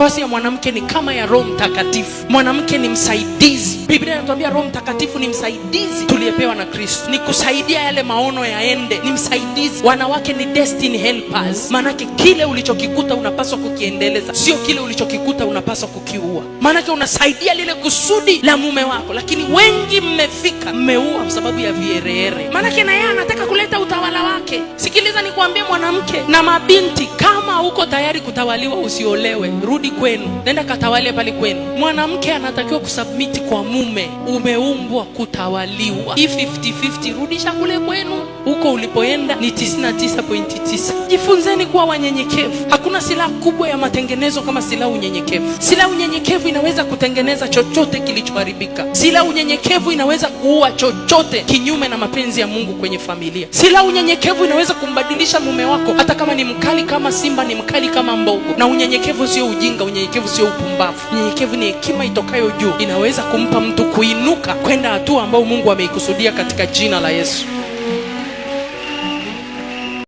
Nafasi ya mwanamke ni kama ya Roho Mtakatifu. Mwanamke ni msaidizi. Biblia inatuambia Roho Mtakatifu ni msaidizi tuliyepewa na Kristo, ni kusaidia yale maono yaende, ni msaidizi. Wanawake ni destiny helpers, maanake kile ulichokikuta unapaswa kukiendeleza, sio kile ulichokikuta unapaswa kukiua. Maanake unasaidia lile kusudi la mume wako, lakini wengi mmefika mmeua kwa sababu ya viereere, maanake na yeye anataka kuleta utawala wake. Sikili Nataka nikuambie mwanamke na mabinti, kama uko tayari kutawaliwa, usiolewe, rudi kwenu, nenda katawale pale kwenu. Mwanamke anatakiwa kusubmiti kwa mume, umeumbwa kutawaliwa. Hii 50-50 rudisha kule kwenu, huko ulipoenda ni 99.9. Jifunzeni kuwa wanyenyekevu. Hakuna silaha kubwa ya matengenezo kama silaha unyenyekevu. Silaha unyenyekevu inaweza kutengeneza chochote kilichoharibika. Silaha unyenyekevu inaweza kuua chochote kinyume na mapenzi ya Mungu kwenye familia. Silaha unyenyekevu inaweza kumba kumdhalilisha mume wako, hata kama ni mkali kama simba, ni mkali kama mbogo. Na unyenyekevu sio ujinga, unyenyekevu sio upumbavu. Unyenyekevu ni hekima itokayo juu, inaweza kumpa mtu kuinuka kwenda hatua ambayo Mungu ameikusudia katika jina la Yesu.